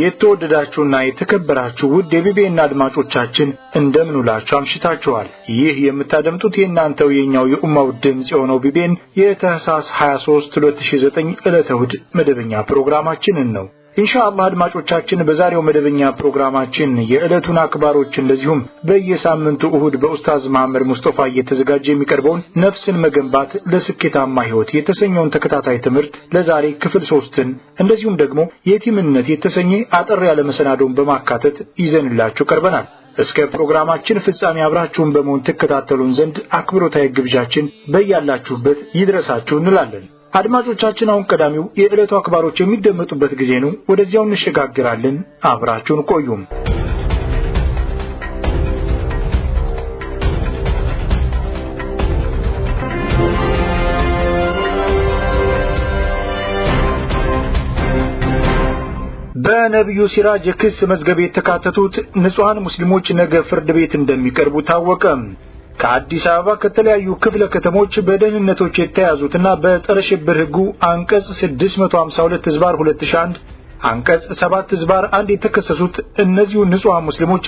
የተወደዳችሁና የተከበራችሁ ውድ የቢቢኤን አድማጮቻችን እንደምን ውላችሁ አምሽታችኋል። ይህ የምታደምጡት የእናንተው የኛው የኡማው ድምፅ የሆነው ቢቢኤን የታህሳስ 23 2009 ዕለተ እሑድ መደበኛ ፕሮግራማችንን ነው። ኢንሻአላህ አድማጮቻችን በዛሬው መደበኛ ፕሮግራማችን የዕለቱን አክባሮች እንደዚሁም በየሳምንቱ እሁድ በኡስታዝ መሐመድ ሙስጠፋ እየተዘጋጀ የሚቀርበውን ነፍስን መገንባት ለስኬታማ ሕይወት የተሰኘውን ተከታታይ ትምህርት ለዛሬ ክፍል ሶስትን እንደዚሁም ደግሞ የቲምነት የተሰኘ አጠር ያለ መሰናዶን በማካተት ይዘንላችሁ ቀርበናል። እስከ ፕሮግራማችን ፍጻሜ አብራችሁን በመሆን ትከታተሉን ዘንድ አክብሮታዊ ግብዣችን በያላችሁበት ይድረሳችሁ እንላለን። አድማጮቻችን አሁን ቀዳሚው የዕለቱ አክባሮች የሚደመጡበት ጊዜ ነው። ወደዚያው እንሸጋግራለን። አብራችሁን ቆዩም። በነቢዩ ሲራጅ የክስ መዝገብ የተካተቱት ንጹሐን ሙስሊሞች ነገ ፍርድ ቤት እንደሚቀርቡ ታወቀ። ከአዲስ አበባ ከተለያዩ ክፍለ ከተሞች በደህንነቶች የተያዙትና በጸረ ሽብር ሕጉ አንቀጽ 652 ህዝባር 2001 አንቀጽ 7 ህዝባር 1 የተከሰሱት እነዚሁ ንጹሐን ሙስሊሞች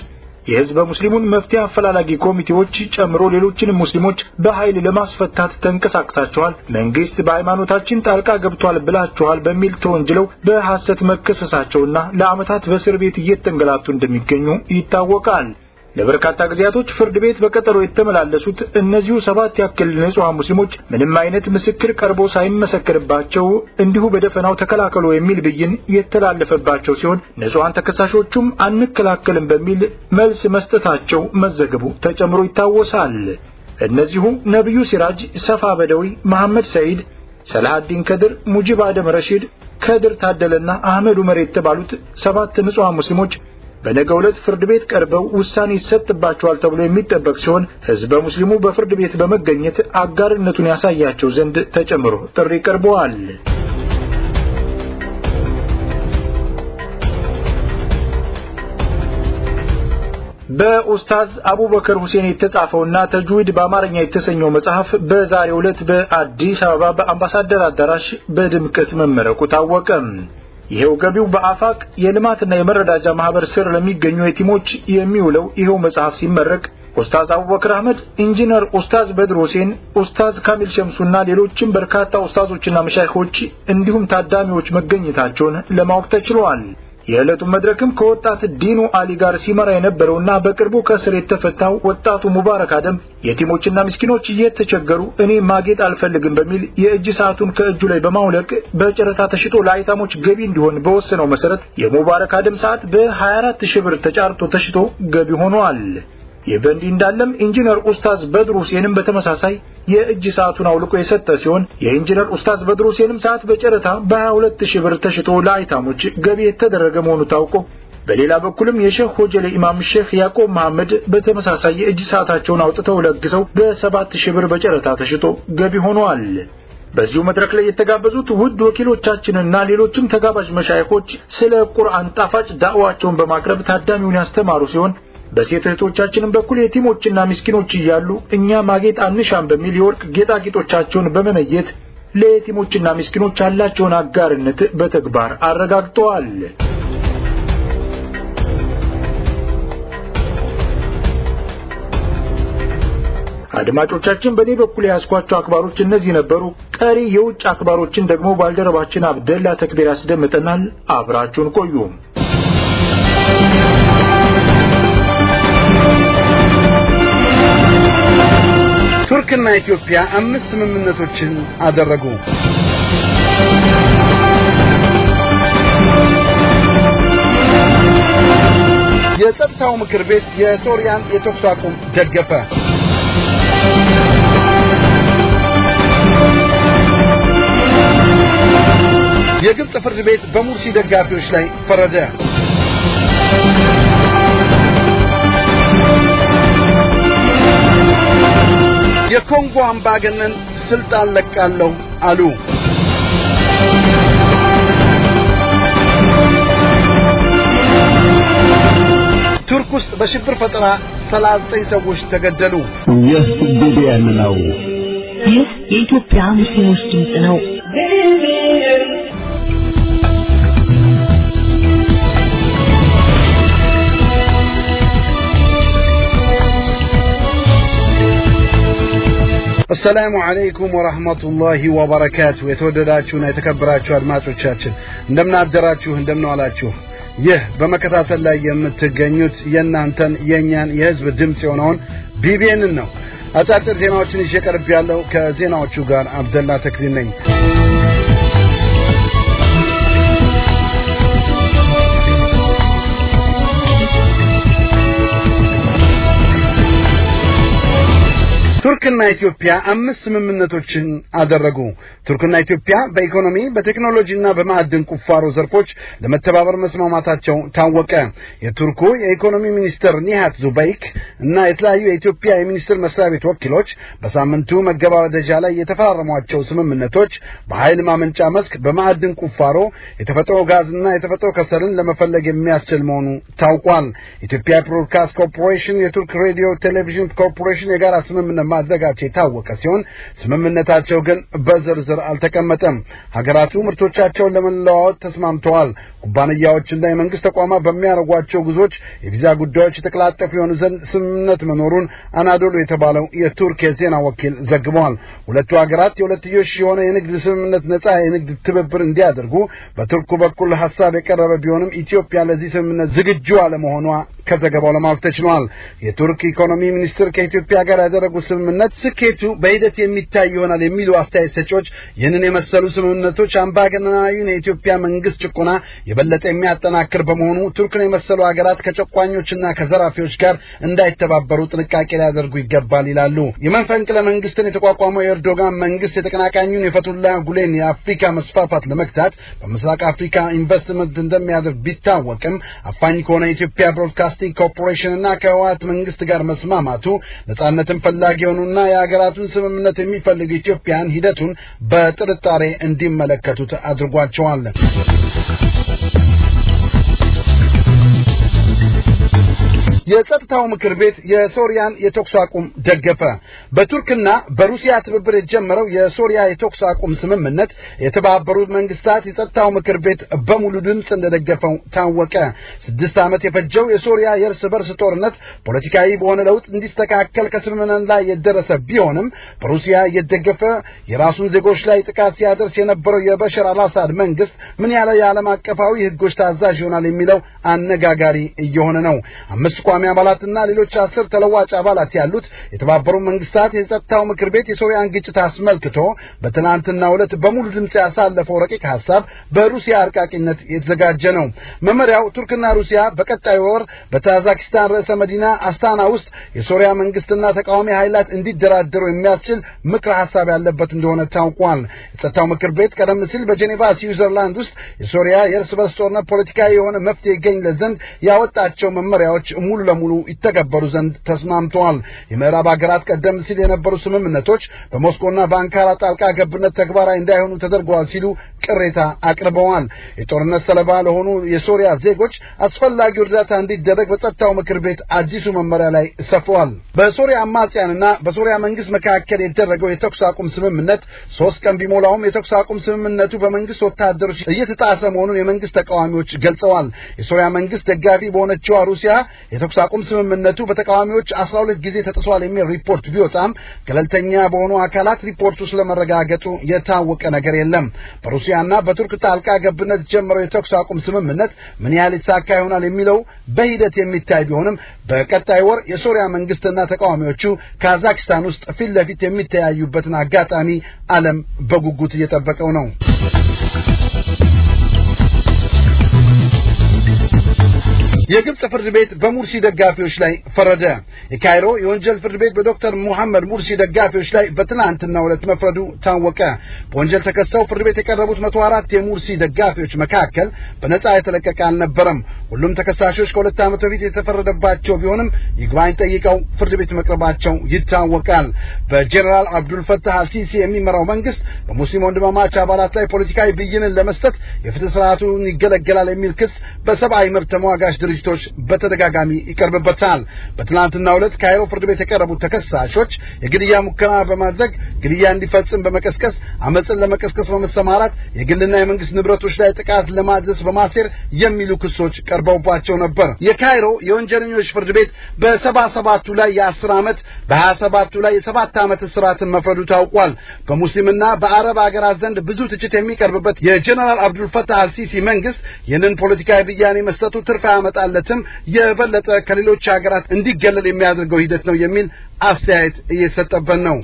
የህዝበ ሙስሊሙን መፍትሄ አፈላላጊ ኮሚቴዎች ጨምሮ ሌሎችንም ሙስሊሞች በኃይል ለማስፈታት ተንቀሳቅሳቸዋል፣ መንግስት በሃይማኖታችን ጣልቃ ገብቷል ብላችኋል በሚል ተወንጅለው በሐሰት መከሰሳቸውና ለዓመታት በእስር ቤት እየተንገላቱ እንደሚገኙ ይታወቃል። ለበርካታ ጊዜያቶች ፍርድ ቤት በቀጠሮ የተመላለሱት እነዚሁ ሰባት ያክል ንጹሐን ሙስሊሞች ምንም አይነት ምስክር ቀርቦ ሳይመሰክርባቸው እንዲሁ በደፈናው ተከላከሉ የሚል ብይን የተላለፈባቸው ሲሆን ንጹሐን ተከሳሾቹም አንከላከልም በሚል መልስ መስጠታቸው መዘገቡ ተጨምሮ ይታወሳል። እነዚሁ ነቢዩ ሲራጅ፣ ሰፋ በደዊ፣ መሐመድ ሰይድ፣ ሰላሃዲን ከድር፣ ሙጂብ አደም ረሺድ፣ ከድር ታደለና አህመድ ዑመር የተባሉት ሰባት ንጹሐን ሙስሊሞች በነገ ዕለት ፍርድ ቤት ቀርበው ውሳኔ ይሰጥባቸዋል ተብሎ የሚጠበቅ ሲሆን ህዝበ ሙስሊሙ በፍርድ ቤት በመገኘት አጋርነቱን ያሳያቸው ዘንድ ተጨምሮ ጥሪ ቀርበዋል። በኡስታዝ አቡበከር ሁሴን የተጻፈውና ተጅዊድ በአማርኛ የተሰኘው መጽሐፍ በዛሬው ዕለት በአዲስ አበባ በአምባሳደር አዳራሽ በድምቀት መመረቁ ታወቀ። ይሄው ገቢው በአፋቅ የልማትና የመረዳጃ ማህበር ስር ለሚገኙ የቲሞች የሚውለው ይሄው መጽሐፍ ሲመረቅ ኡስታዝ አቡበክር አህመድ፣ ኢንጂነር ኡስታዝ በድር ሁሴን፣ ኡስታዝ ካሚል ሸምሱና ሌሎችም በርካታ ኡስታዞችና መሻይኾች እንዲሁም ታዳሚዎች መገኘታቸውን ለማወቅ ተችሏል። የዕለቱን መድረክም ከወጣት ዲኑ አሊ ጋር ሲመራ የነበረውና በቅርቡ ከእስር የተፈታው ወጣቱ ሙባረክ አደም የቲሞችና ምስኪኖች እየተቸገሩ እኔ ማጌጥ አልፈልግም በሚል የእጅ ሰዓቱን ከእጁ ላይ በማውለቅ በጨረታ ተሽጦ ለአይታሞች ገቢ እንዲሆን በወሰነው መሰረት የሙባረክ አደም ሰዓት በ24 ሺህ ብር ተጫርቶ ተሽጦ ገቢ ሆኗል። የበንዲ እንዳለም ኢንጂነር ኡስታዝ በድሩ ሁሴንም በተመሳሳይ የእጅ ሰዓቱን አውልቆ የሰጠ ሲሆን የኢንጂነር ኡስታዝ በድሩ ሁሴንም ሰዓት በጨረታ በ22 ብር ተሽቶ ለአይታሞች ገቢ የተደረገ መሆኑ ታውቆ በሌላ በኩልም የሼህ ሆጀሌ ኢማም ሼህ ያዕቆብ መሐመድ በተመሳሳይ የእጅ ሰዓታቸውን አውጥተው ለግሰው በሰባት ሺህ ብር በጨረታ ተሽጦ ገቢ ሆኗል። በዚሁ መድረክ ላይ የተጋበዙት ውድ ወኪሎቻችንና ሌሎችም ተጋባዥ መሻይኮች ስለ ቁርአን ጣፋጭ ዳዕዋቸውን በማቅረብ ታዳሚውን ያስተማሩ ሲሆን በሴት እህቶቻችንም በኩል የቲሞችና ምስኪኖች እያሉ እኛ ማጌጥ አንሻም በሚል የወርቅ ጌጣጌጦቻቸውን በመነየት ለየቲሞችና ምስኪኖች ያላቸውን አጋርነት በተግባር አረጋግጠዋል። አድማጮቻችን፣ በእኔ በኩል የያዝኳቸው አክባሮች እነዚህ ነበሩ። ቀሪ የውጭ አክባሮችን ደግሞ ባልደረባችን አብደላ ተክቢር ያስደምጠናል። አብራችሁን ቆዩ። ቱርክና ኢትዮጵያ አምስት ስምምነቶችን አደረጉ። የጸጥታው ምክር ቤት የሶሪያን የተኩስ አቁም ደገፈ። የግብፅ ፍርድ ቤት በሙርሲ ደጋፊዎች ላይ ፈረደ። የኮንጎ አምባገነን ስልጣን ለቃለሁ አሉ። ቱርክ ውስጥ በሽብር ፈጠራ 39 ሰዎች ተገደሉ። ይህ ቢቢኤን ነው። ይህ የኢትዮጵያ ሙስሊሞች ድምፅ ነው። አሰላሙ አለይኩም ወራህመቱላሂ ወበረካቱሁ። የተወደዳችሁና የተከበራችሁ አድማጮቻችን እንደምናደራችሁ፣ እንደምናዋላችሁ። ይህ በመከታተል ላይ የምትገኙት የእናንተን የእኛን የህዝብ ድምፅ የሆነውን ቢቢኤንን ነው። አጫጭር ዜናዎችን ይዤ ያለው ከዜናዎቹ ጋር አብደላ ተክሊል ነኝ። ቱርክና ኢትዮጵያ አምስት ስምምነቶችን አደረጉ። ቱርክና ኢትዮጵያ በኢኮኖሚ በቴክኖሎጂና በማዕድን ቁፋሮ ዘርፎች ለመተባበር መስማማታቸው ታወቀ። የቱርኩ የኢኮኖሚ ሚኒስትር ኒሃት ዙበይክ እና የተለያዩ የኢትዮጵያ የሚኒስትር መስሪያ ቤት ወኪሎች በሳምንቱ መገባደጃ ላይ የተፈራረሟቸው ስምምነቶች በኃይል ማመንጫ መስክ፣ በማዕድን ቁፋሮ፣ የተፈጥሮ ጋዝና የተፈጥሮ ከሰልን ለመፈለግ የሚያስችል መሆኑ ታውቋል። ኢትዮጵያ ብሮድካስት ኮርፖሬሽን፣ የቱርክ ሬዲዮ ቴሌቪዥን ኮርፖሬሽን የጋራ ስምምነት ማዘጋጀት የታወቀ ሲሆን ስምምነታቸው ግን በዝርዝር አልተቀመጠም። ሀገራቱ ምርቶቻቸውን ለመለዋወጥ ተስማምተዋል። ኩባንያዎችና የመንግስት ተቋማት በሚያደርጓቸው ጉዞዎች የቪዛ ጉዳዮች የተቀላጠፉ የሆኑ ዘንድ ስምምነት መኖሩን አናዶሎ የተባለው የቱርክ የዜና ወኪል ዘግበዋል። ሁለቱ ሀገራት የሁለትዮሽ የሆነ የንግድ ስምምነት ነጻ የንግድ ትብብር እንዲያደርጉ በቱርኩ በኩል ሀሳብ የቀረበ ቢሆንም ኢትዮጵያ ለዚህ ስምምነት ዝግጁ አለመሆኗ ከዘገባው ለማወቅ ተችሏል። የቱርክ ኢኮኖሚ ሚኒስትር ከኢትዮጵያ ጋር ያደረጉት ስምምነት ስኬቱ በሂደት የሚታይ ይሆናል የሚሉ አስተያየት ሰጪዎች ይህንን የመሰሉ ስምምነቶች አምባገነናዊውን የኢትዮጵያ መንግስት ጭቆና የበለጠ የሚያጠናክር በመሆኑ ቱርክን የመሰሉ ሀገራት ከጨቋኞችና ከዘራፊዎች ጋር እንዳይተባበሩ ጥንቃቄ ሊያደርጉ ይገባል ይላሉ። የመፈንቅለ መንግስትን የተቋቋመው የኤርዶጋን መንግስት የተቀናቃኙን የፈቱላ ጉሌን የአፍሪካ መስፋፋት ለመግታት በምስራቅ አፍሪካ ኢንቨስትመንት እንደሚያደርግ ቢታወቅም አፋኝ ከሆነ የኢትዮጵያ ብሮድካስት ፕላስቲክ ኮርፖሬሽንና ከህወሀት መንግስት ጋር መስማማቱ ነጻነትን ፈላጊ የሆኑና የሀገራቱን ስምምነት የሚፈልጉ ኢትዮጵያን ሂደቱን በጥርጣሬ እንዲመለከቱት አድርጓቸዋል። የጸጥታው ምክር ቤት የሶሪያን የተኩስ አቁም ደገፈ። በቱርክና በሩሲያ ትብብር የተጀመረው የሶሪያ የተኩስ አቁም ስምምነት የተባበሩት መንግስታት የጸጥታው ምክር ቤት በሙሉ ድምፅ እንደደገፈው ታወቀ። ስድስት ዓመት የፈጀው የሶሪያ የእርስ በርስ ጦርነት ፖለቲካዊ በሆነ ለውጥ እንዲስተካከል ከስምምነት ላይ የደረሰ ቢሆንም በሩሲያ እየደገፈ የራሱን ዜጎች ላይ ጥቃት ሲያደርስ የነበረው የበሽር አልአሳድ መንግስት ምን ያለ የዓለም አቀፋዊ ህጎች ታዛዥ ይሆናል የሚለው አነጋጋሪ እየሆነ ነው። አምስት ቋሚ አባላትና ሌሎች አስር ተለዋጭ አባላት ያሉት የተባበሩ መንግስታት የጸጥታው ምክር ቤት የሶሪያን ግጭት አስመልክቶ በትናንትና ዕለት በሙሉ ድምፅ ያሳለፈው ረቂቅ ሀሳብ በሩሲያ አርቃቂነት የተዘጋጀ ነው። መመሪያው ቱርክና ሩሲያ በቀጣይ ወር በታዛኪስታን ርዕሰ መዲና አስታና ውስጥ የሶሪያ መንግስትና ተቃዋሚ ኃይላት እንዲደራደሩ የሚያስችል ምክረ ሀሳብ ያለበት እንደሆነ ታውቋል። የጸጥታው ምክር ቤት ቀደም ሲል በጄኔቫ ስዊዘርላንድ ውስጥ የሶሪያ የእርስ በርስ ጦርነት ፖለቲካዊ የሆነ መፍትሄ ይገኝለት ዘንድ ያወጣቸው መመሪያዎች ሙሉ ለሙሉ ይተገበሩ ዘንድ ተስማምተዋል። የምዕራብ ሀገራት ቀደም ሲል የነበሩ ስምምነቶች በሞስኮና በአንካራ ጣልቃ ገብነት ተግባራዊ እንዳይሆኑ ተደርገዋል ሲሉ ቅሬታ አቅርበዋል። የጦርነት ሰለባ ለሆኑ የሶሪያ ዜጎች አስፈላጊው እርዳታ እንዲደረግ በጸጥታው ምክር ቤት አዲሱ መመሪያ ላይ ሰፈዋል። በሶሪያ አማጽያንና በሶሪያ መንግስት መካከል የተደረገው የተኩስ አቁም ስምምነት ሶስት ቀን ቢሞላውም የተኩስ አቁም ስምምነቱ በመንግስት ወታደሮች እየተጣሰ መሆኑን የመንግስት ተቃዋሚዎች ገልጸዋል። የሶሪያ መንግስት ደጋፊ በሆነችዋ ሩሲያ የተኩስ አቁም ስምምነቱ በተቃዋሚዎች አስራ ሁለት ጊዜ ተጥሷል የሚል ሪፖርት ቢወጣም ገለልተኛ በሆኑ አካላት ሪፖርቱ ስለመረጋገጡ የታወቀ ነገር የለም። በሩሲያና በቱርክ ጣልቃ ገብነት ጀመረው የተኩስ አቁም ስምምነት ምን ያህል ይሳካ ይሆናል የሚለው በሂደት የሚታይ ቢሆንም በቀጣይ ወር የሶሪያ መንግስትና ተቃዋሚዎቹ ካዛክስታን ውስጥ ፊት ለፊት የሚተያዩበትን አጋጣሚ ዓለም በጉጉት እየጠበቀው ነው። የግብጽ ፍርድ ቤት በሙርሲ ደጋፊዎች ላይ ፈረደ። የካይሮ የወንጀል ፍርድ ቤት በዶክተር ሙሐመድ ሙርሲ ደጋፊዎች ላይ በትናንትናው ዕለት መፍረዱ ታወቀ። በወንጀል ተከሰው ፍርድ ቤት የቀረቡት መቶ አራት የሙርሲ ደጋፊዎች መካከል በነጻ የተለቀቀ አልነበረም። ሁሉም ተከሳሾች ከሁለት ዓመት በፊት የተፈረደባቸው ቢሆንም ይግባኝ ጠይቀው ፍርድ ቤት መቅረባቸው ይታወቃል። በጀኔራል አብዱልፈታህ አልሲሲ የሚመራው መንግስት በሙስሊም ወንድማማች አባላት ላይ ፖለቲካዊ ብይንን ለመስጠት የፍትህ ስርዓቱን ይገለገላል የሚል ክስ በሰብአዊ መብት ተሟጋች ድርጅቶች በተደጋጋሚ ይቀርብበታል። በትናንትናው ዕለት ካይሮ ፍርድ ቤት የቀረቡት ተከሳሾች የግድያ ሙከራ በማድረግ ግድያ እንዲፈጽም በመቀስቀስ አመፅን ለመቀስቀስ በመሰማራት የግልና የመንግስት ንብረቶች ላይ ጥቃት ለማድረስ በማሴር የሚሉ ክሶች ቀርበ ቀርበውባቸው ነበር። የካይሮ የወንጀለኞች ፍርድ ቤት በሰባ ሰባቱ ላይ የአስር ዓመት በሀያ ሰባቱ ላይ የሰባት ዓመት እስራትን መፈዱ ታውቋል። በሙስሊምና በአረብ አገራት ዘንድ ብዙ ትችት የሚቀርብበት የጀነራል አብዱልፈታህ አልሲሲ መንግስት ይህንን ፖለቲካዊ ብያኔ መስጠቱ ትርፍ አያመጣለትም፣ የበለጠ ከሌሎች ሀገራት እንዲገለል የሚያደርገው ሂደት ነው የሚል አስተያየት እየተሰጠበት ነው።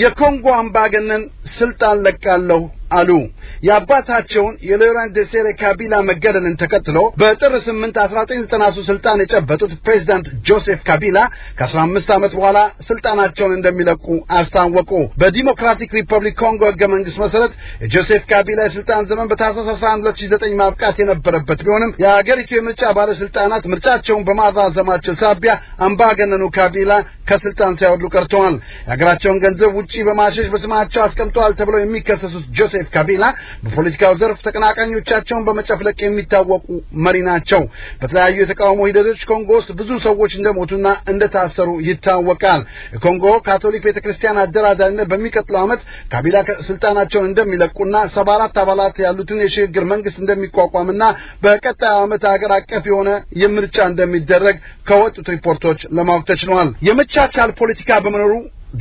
የኮንጎ አምባገነን ስልጣን ለቃለሁ Allô የአባታቸውን የሎራን ደሴሬ ካቢላ መገደልን ተከትሎ በጥር 8 1990 ስልጣን የጨበጡት ፕሬዚዳንት ጆሴፍ ካቢላ ከ15 ዓመት በኋላ ስልጣናቸውን እንደሚለቁ አስታወቁ። በዲሞክራቲክ ሪፐብሊክ ኮንጎ ህገ መንግስት መሰረት የጆሴፍ ካቢላ የስልጣን ዘመን በታህሳስ 11 2009 ማብቃት የነበረበት ቢሆንም የሀገሪቱ የምርጫ ባለስልጣናት ምርጫቸውን በማራዘማቸው ሳቢያ አምባገነኑ ካቢላ ከስልጣን ሳይወርዱ ቀርተዋል። የሀገራቸውን ገንዘብ ውጪ በማሸሽ በስማቸው አስቀምጠዋል ተብለው የሚከሰሱት ጆሴፍ ካቢላ በፖለቲካው ዘርፍ ተቀናቃኞቻቸውን በመጨፍለቅ የሚታወቁ መሪ ናቸው። በተለያዩ የተቃውሞ ሂደቶች ኮንጎ ውስጥ ብዙ ሰዎች እንደሞቱና እንደታሰሩ ይታወቃል። የኮንጎ ካቶሊክ ቤተክርስቲያን ክርስቲያን አደራዳሪነት በሚቀጥለው ዓመት ካቢላ ስልጣናቸውን እንደሚለቁና ሰባ አራት አባላት ያሉትን የሽግግር መንግስት እንደሚቋቋምና በቀጣዩ ዓመት ሀገር አቀፍ የሆነ የምርጫ እንደሚደረግ ከወጡት ሪፖርቶች ለማወቅ ተችሏል። የመቻቻል ፖለቲካ በመኖሩ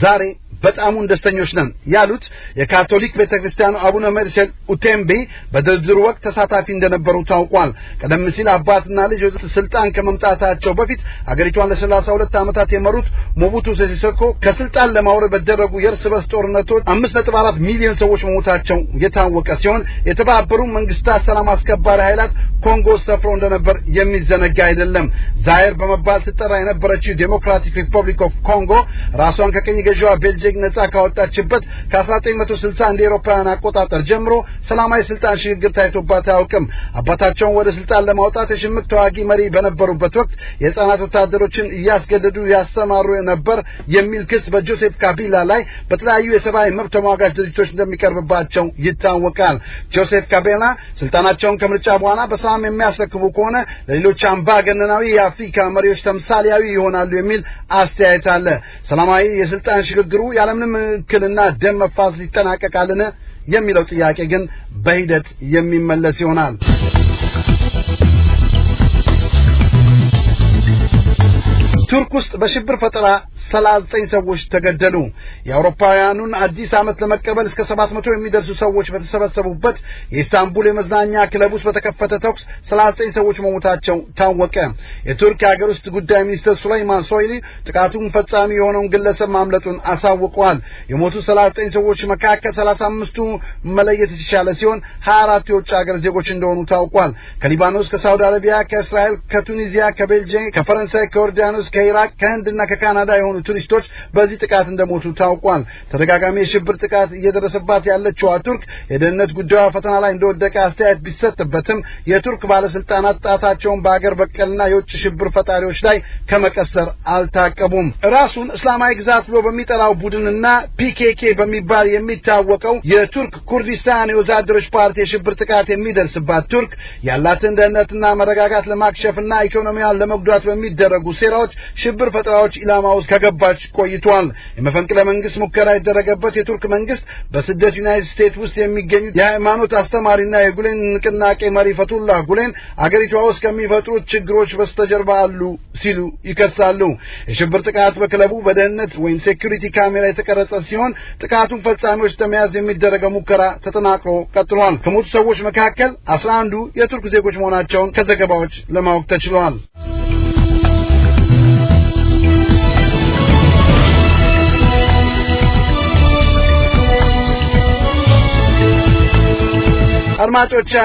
ዛሬ በጣሙን ደስተኞች ነን ያሉት የካቶሊክ ቤተ ክርስቲያኑ አቡነ መርሴል ኡቴምቤ በድርድሩ ወቅት ተሳታፊ እንደነበሩ ታውቋል። ቀደም ሲል አባትና ልጅ ስልጣን ከመምጣታቸው በፊት አገሪቷን ለሰላሳ ሁለት ዓመታት የመሩት ሞቡቱ ሴሴኮ ከስልጣን ለማውረድ በደረጉ የእርስ በርስ ጦርነቶች አምስት ነጥብ አራት ሚሊዮን ሰዎች መሞታቸው የታወቀ ሲሆን የተባበሩ መንግስታት ሰላም አስከባሪ ኃይላት ኮንጎ ሰፍሮ እንደነበር የሚዘነጋ አይደለም። ዛይር በመባል ስትጠራ የነበረችው ዴሞክራቲክ ሪፐብሊክ ኦፍ ኮንጎ ራሷን ከቀኝ ገዢዋ ቤልጅ ኢህአዴግ ነጻ ካወጣችበት ከ1960 እንደ ኤሮፓውያን አቆጣጠር ጀምሮ ሰላማዊ ስልጣን ሽግግር ታይቶባት አያውቅም። አባታቸውን ወደ ስልጣን ለማውጣት የሽምቅ ተዋጊ መሪ በነበሩበት ወቅት የህፃናት ወታደሮችን እያስገደዱ ያስተማሩ ነበር የሚል ክስ በጆሴፍ ካቢላ ላይ በተለያዩ የሰብአዊ መብት ተሟጋች ድርጅቶች እንደሚቀርብባቸው ይታወቃል። ጆሴፍ ካቢላ ስልጣናቸውን ከምርጫ በኋላ በሰላም የሚያስረክቡ ከሆነ ለሌሎች አምባገነናዊ የአፍሪካ መሪዎች ተምሳሌያዊ ይሆናሉ የሚል አስተያየት አለ። ሰላማዊ የስልጣን ሽግግሩ ያለምንም እክልና ደም መፋሰስ ይጠናቀቃልን የሚለው ጥያቄ ግን በሂደት የሚመለስ ይሆናል። ቱርክ ውስጥ በሽብር ፈጠራ 39 ሰዎች ተገደሉ። የአውሮፓውያኑን አዲስ ዓመት ለመቀበል እስከ ሰባት መቶ የሚደርሱ ሰዎች በተሰበሰቡበት የኢስታንቡል የመዝናኛ ክለብ ውስጥ በተከፈተ ተኩስ 39 ሰዎች መሞታቸው ታወቀ። የቱርክ የሀገር ውስጥ ጉዳይ ሚኒስትር ሱለይማን ሶይሊ ጥቃቱን ፈጻሚ የሆነውን ግለሰብ ማምለጡን አሳውቀዋል። የሞቱ 39 ሰዎች መካከል 35 ቱ መለየት የተቻለ ሲሆን 24 የውጭ ሀገር ዜጎች እንደሆኑ ታውቋል። ከሊባኖስ፣ ከሳውዲ አረቢያ፣ ከእስራኤል፣ ከቱኒዚያ፣ ከቤልጅየም፣ ከፈረንሳይ፣ ከዮርዳኖስ፣ ከኢራቅ፣ ከህንድና ከካናዳ የሆኑ ቱሪስቶች በዚህ ጥቃት እንደሞቱ ታውቋል። ተደጋጋሚ የሽብር ጥቃት እየደረሰባት ያለችዋ ቱርክ የደህንነት ጉዳዩ ፈተና ላይ እንደወደቀ አስተያየት ቢሰጥበትም የቱርክ ባለስልጣናት ጣታቸውን በአገር በቀልና የውጭ ሽብር ፈጣሪዎች ላይ ከመቀሰር አልታቀቡም። ራሱን እስላማዊ ግዛት ብሎ በሚጠራው ቡድንና ፒኬኬ በሚባል የሚታወቀው የቱርክ ኩርዲስታን የወዛደሮች ፓርቲ የሽብር ጥቃት የሚደርስባት ቱርክ ያላትን ደህንነትና መረጋጋት ለማክሸፍና ኢኮኖሚያን ለመጉዳት በሚደረጉ ሴራዎች ሽብር ፈጠራዎች ኢላማ ውስጥ ከገባች ቆይቷል። የመፈንቅለ መንግስት ሙከራ የደረገበት የቱርክ መንግስት በስደት ዩናይትድ ስቴትስ ውስጥ የሚገኙት የሃይማኖት አስተማሪና የጉሌን ንቅናቄ መሪ ፈቱላ ጉሌን አገሪቷ ውስጥ ከሚፈጥሩት ችግሮች በስተጀርባ አሉ ሲሉ ይከሳሉ። የሽብር ጥቃት በክለቡ በደህንነት ወይም ሴኩሪቲ ካሜራ የተቀረጸ ሲሆን ጥቃቱን ፈጻሚዎች ለመያዝ የሚደረገው ሙከራ ተጠናቅሮ ቀጥሏል። ከሞቱ ሰዎች መካከል አስራ አንዱ የቱርክ ዜጎች መሆናቸውን ከዘገባዎች ለማወቅ ተችሏል። አድማጮቻችን